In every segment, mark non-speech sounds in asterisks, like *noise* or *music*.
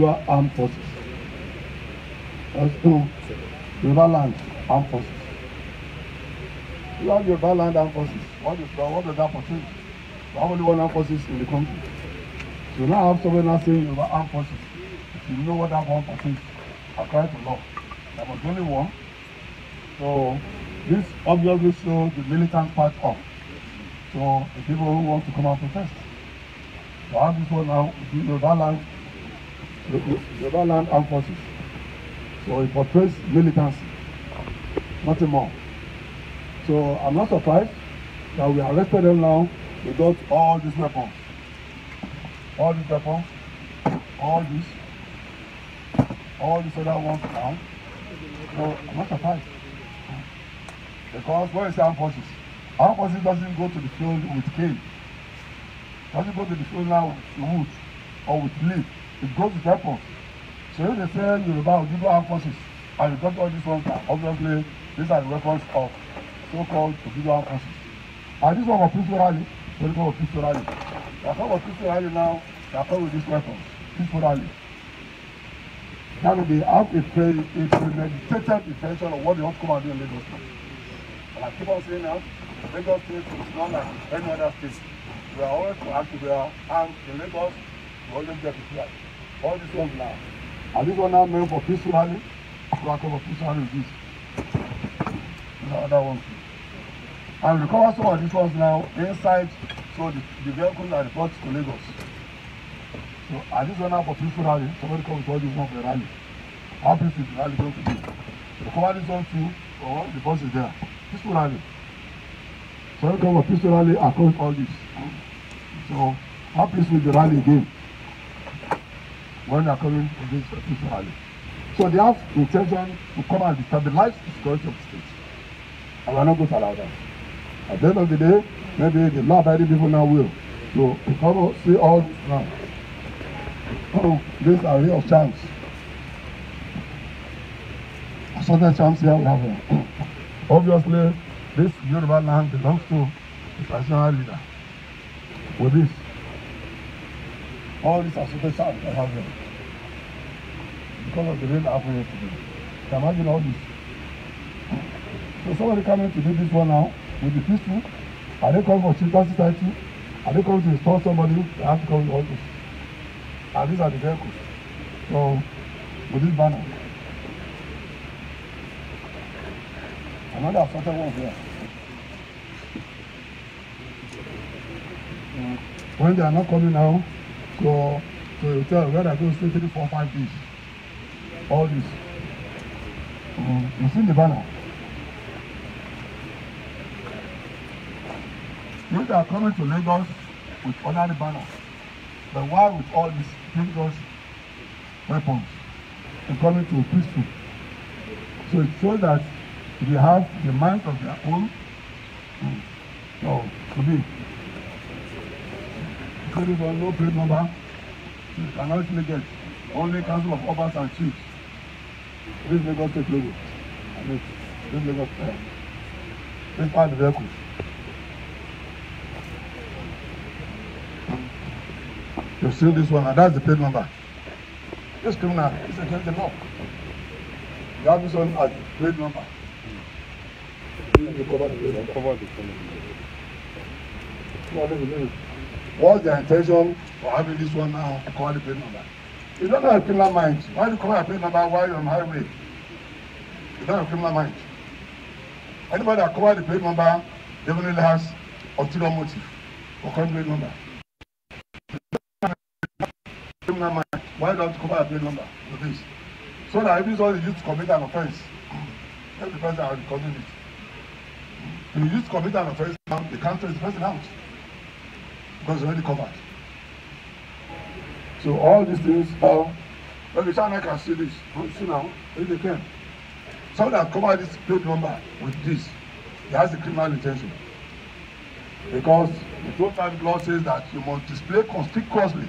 Yoruba Armed Forces. S2, Yorubaland Armed Forces. You have Yorubaland Armed Forces. What, is, what does that portray? We have only one armed forces in the country. So now have someone now saying Yoruba Armed Forces. If you know what that one portrays, according to law, there was only one. So this obviously shows the militant part of. So the people who want to come and protest. So I have this one now, Yorubaland Yoruba Land Armed Forces. So it portrays militancy, nothing more. So I'm not surprised that we arrested them now. We got all these weapons. All these weapons, all these, all these other ones now. So I'm not surprised. Because when you say armed forces? Armed forces doesn't go to the field with cane. Doesn't go to the field now with wood or with leaf it goes with weapons so if they say Yoruba Ojudu armed forces and you got all these ones are obviously these are the weapons of so-called Ojudu armed forces and this one was peaceful rally political was peaceful rally na some of peaceful rally now na come with this weapon, peaceful rally that will be have a pre a premeditated intention of what they want to come and do in Lagos and I keep on saying now Lagos state is not like any other state we are always to we are and in Lagos always get it All these ones now. Are these ones now meant for peace rally? Crack over peace rally with this. The other ones And recover some of these ones now inside so the, the vehicles are brought to Lagos. So are these ones now for peace rally? Somebody comes to all these ones for the rally. How peaceful is the rally going to be? Recover this one too or the bus is there. Peaceful rally. Somebody comes for peaceful rally across all this. So how peaceful is the rally again? when they are coming against official rally. So they have intention to come and destabilize the security of the state. And we are not going to allow that. At the end of the day, maybe the law abiding people now will. So to come see all this now. Oh, this array real chance. Certain chance here we have here. *coughs* Obviously, this Yoruba land belongs to the traditional leader. With this, all these associates are having because of the rain happening today. Can imagine all this. So somebody coming to do this one now will be peaceful. Are they coming for children's society? Are they coming to install somebody? They have to come with all this. And these are the vehicles. So with this banner. Another assorted one here. When they are not coming now, go to a hotel where I go stay three, four, five days. All this. Um, you see the banner. You are coming to Lagos with ordinary banner, but why with all these dangerous weapons? and coming to peaceful. So it shows that they have the mind of their own. Mm. So, to be carry for no plate number. You cannot make it. Only council of obas and chiefs. This Lagos State logo. I mean, this Lagos uh, this part of the vehicle. You seal this one, and that's the paid number. This criminal is against the law. You have this one as paid number. Please cover the plate number. Cover the plate number. What's their intention for oh, having this one now To call the plate number? You don't have a criminal mind. Why do you call a plate number while you're on the highway? You don't have a criminal mind. Anybody that calls the plate number definitely has a criminal motive for calling plate number. Criminal mind. Why don't you cover a plate number for this? So that if somebody used to commit an offense, every person are recording it. You used to commit an offense, now they can't trace the person out because already covered. So all these things are, when the China can see this, don't see now, if they can. Someone that covered this plate number with this, he has a criminal intention. Because the toll time law says that you must display conspicuously.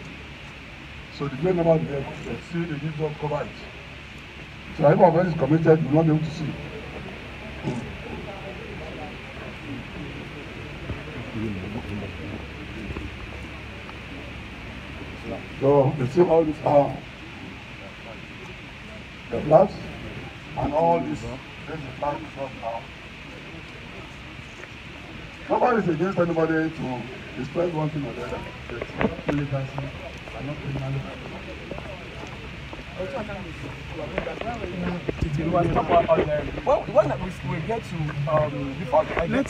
So the plate number will be able to see the user cover it. So if offense is committed, you will not be able to see. So you see all these are uh, the flags and all these this is up now. Nobody is against anybody to express one thing or the other. Militancy are not criminal. let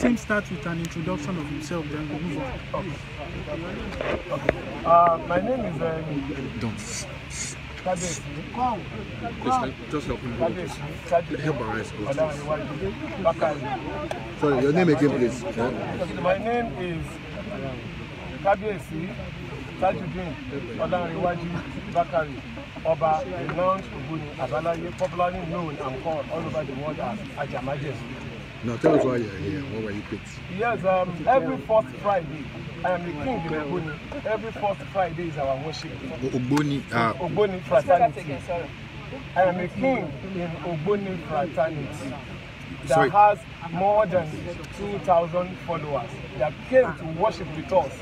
him start with an introduction of himself, then we move on. Okay. okay. Uh, my name is um, Don. Just, just help him. Help our eyes. Sorry, your name again, please. my name is kábíyèsí tajudeen ọlárẹ̀wájú bákàrẹ̀ ọba renowned ogboni abalaye popularly known and called all over the world as ajamaje. Now tell us why you're here. What were you picked? Yes, um, every fourth Friday, I am the king of Ogboni. Every fourth Friday is our worship. Ogboni. Uh, ah. Ogboni fraternity. I am a king in Ogboni fraternity that Sorry. has more than 2,000 followers that came to worship with us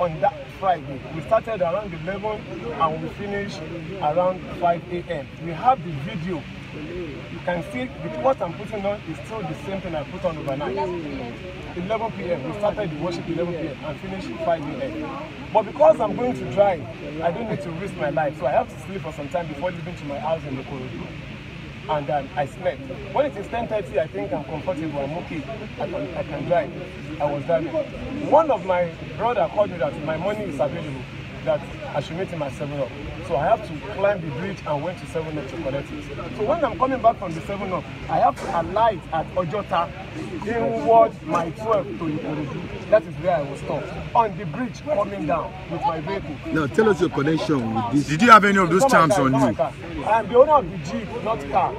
on that Friday. We started around 11 and we finished around 5 a.m. We have the video. You can see the, what I'm putting on is still the same thing I put on overnight. 11 p.m. We started the worship 11 p.m. and finished 5 a.m. But because I'm going to drive, I don't need to risk my life. So I have to sleep for some time before leaving to my house in the corridor and um, I slept. When it is 10.30, I think I'm comfortable, I'm okay, I can, I can drive. I was driving. One of my brother called me that my money is available, that I should wait in my 7 up. So I have to climb the bridge and went to 7 up to collect it. So when I'm coming back from the 7 up, I have to alight at Ojota inward my 12 to Ikorodu. That is where I was stopped. On the bridge coming down with my vehicle. Now tell us your connection with this. Did you have any of those charms on you? I am the owner of the Jeep, not car.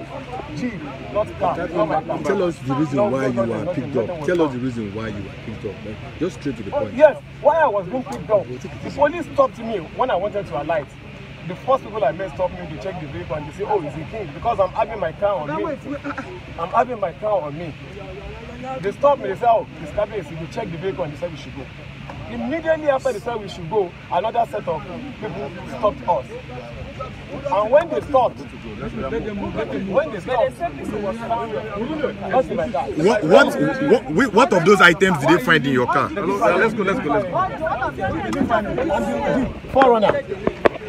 Jeep, not car. That, Tell us the reason no, why no, you were picked up. Tell us the reason why you were picked up. Just straight to the oh, point. Yes, why I was being picked up. The police stopped me when when I wanted to alight, the first people I met stopped me to check the vehicle and they say, oh, is a king because I'm having my car on me. Ah, ah. I'm having my car on me. They stopped me, they said, oh, this it's Kabiyesi, we check the vehicle and they said we should go. Immediately after they said we should go, another set of people stopped us. And when they stopped, when they stopped, What, what, what, what of those items did they find in your car? Hello, let's go, let's go, let's go. Forerunner.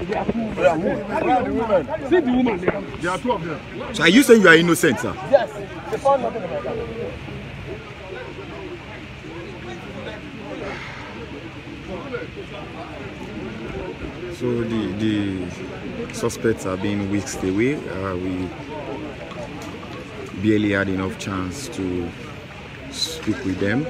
There are two women. See the woman there. are two of them. So are you saying you are innocent, sir? Yes. They found nothing about that. So the, the suspects are being whisked away. Uh, we barely had enough chance to speak with them.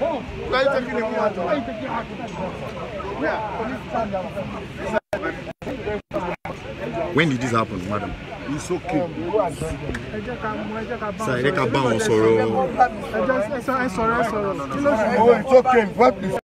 Why are you taking the woman? Why are you taking her? When did this happen, madam? It's okay. Sir, ẹ ká bá wọn sọ̀rọ̀. Ẹ sọ̀rọ̀ ẹ sọ̀rọ̀. Oh, it's okay. What is